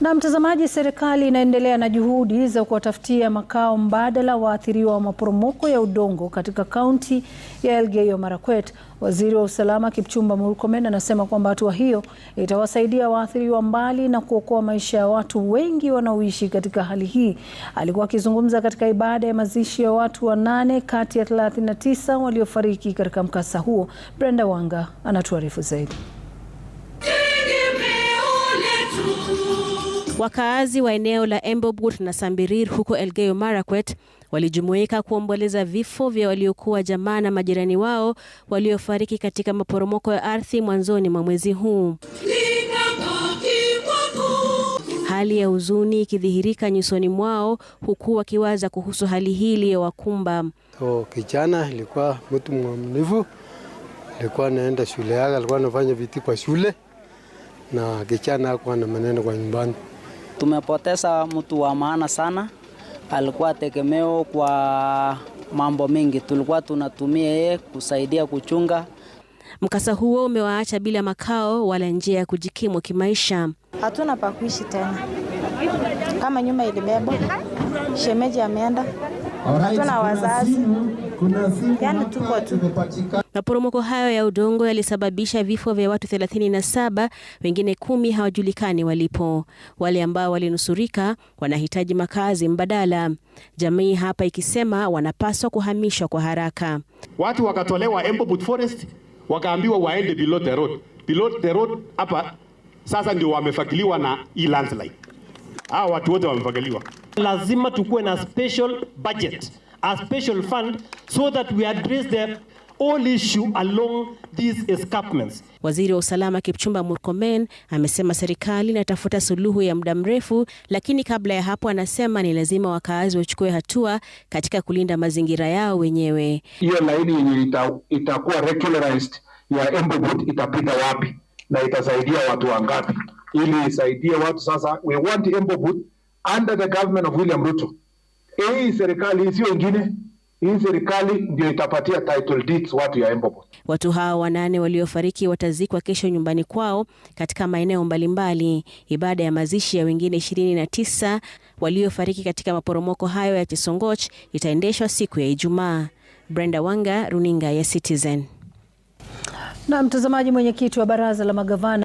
Na mtazamaji, serikali inaendelea na juhudi za kuwatafutia makao mbadala waathiriwa wa maporomoko ya udongo katika kaunti ya Elgeyo Marakwet. Waziri wa usalama Kipchumba Murkomen anasema kwamba hatua hiyo itawasaidia waathiriwa mbali na kuokoa maisha ya watu wengi wanaoishi katika hali hii. Alikuwa akizungumza katika ibada ya mazishi ya watu wanane kati ya 39 waliofariki katika mkasa huo. Brenda Wanga anatuarifu zaidi. Wakaazi wa eneo la Embobut na Sambirir huko Elgeyo Marakwet walijumuika kuomboleza vifo vya waliokuwa jamaa na majirani wao waliofariki katika maporomoko ya ardhi mwanzoni mwa mwezi huu. Hali ya huzuni ikidhihirika nyusoni mwao huku wakiwaza kuhusu hali hii iliyowakumba. So, kijana alikuwa mtu mwaminifu, alikuwa anaenda shule yake, alikuwa anafanya viti kwa shule na kijana hakuwa na maneno kwa nyumbani. Tumepoteza mtu wa maana sana, alikuwa tegemeo kwa mambo mengi, tulikuwa tunatumia yeye kusaidia kuchunga. Mkasa huo umewaacha bila makao wala njia ya kujikimu kimaisha. Hatuna pa kuishi tena, kama nyumba ilibebwa, shemeji ameenda na wazazi, yani tuko tu. Maporomoko hayo ya udongo yalisababisha vifo vya watu 37, wengine kumi hawajulikani walipo. Wale ambao walinusurika wanahitaji makazi mbadala, jamii hapa ikisema wanapaswa kuhamishwa kwa haraka. Watu wakatolewa Embobut Forest wakaambiwa waende below the road. Below the road hapa sasa ndio wamefakiliwa na e landslide. Hawa watu wote wamefagiliwa lazima tukuwe na special budget, a special fund so that we address the all issue along these escarpments. Waziri wa usalama Kipchumba Murkomen amesema serikali inatafuta suluhu ya muda mrefu, lakini kabla ya hapo, anasema ni lazima wakaazi wachukue hatua katika kulinda mazingira yao wenyewe. Hiyo laini yenye ita, itakuwa regularized ya Embu itapita wapi na itasaidia watu wangapi, ili isaidie watu sasa. We want Embu under the government of William Ruto. Eh, hii serikali sio ingine, hii serikali ndio itapatia title deeds watu ya Embobot. Watu hao wanane waliofariki watazikwa kesho nyumbani kwao katika maeneo mbalimbali, ibada ya mazishi ya wengine 29 waliofariki katika maporomoko hayo ya Chesongoch itaendeshwa siku ya Ijumaa. Brenda Wanga, runinga ya Citizen. Na mtazamaji, mwenyekiti wa baraza la magavana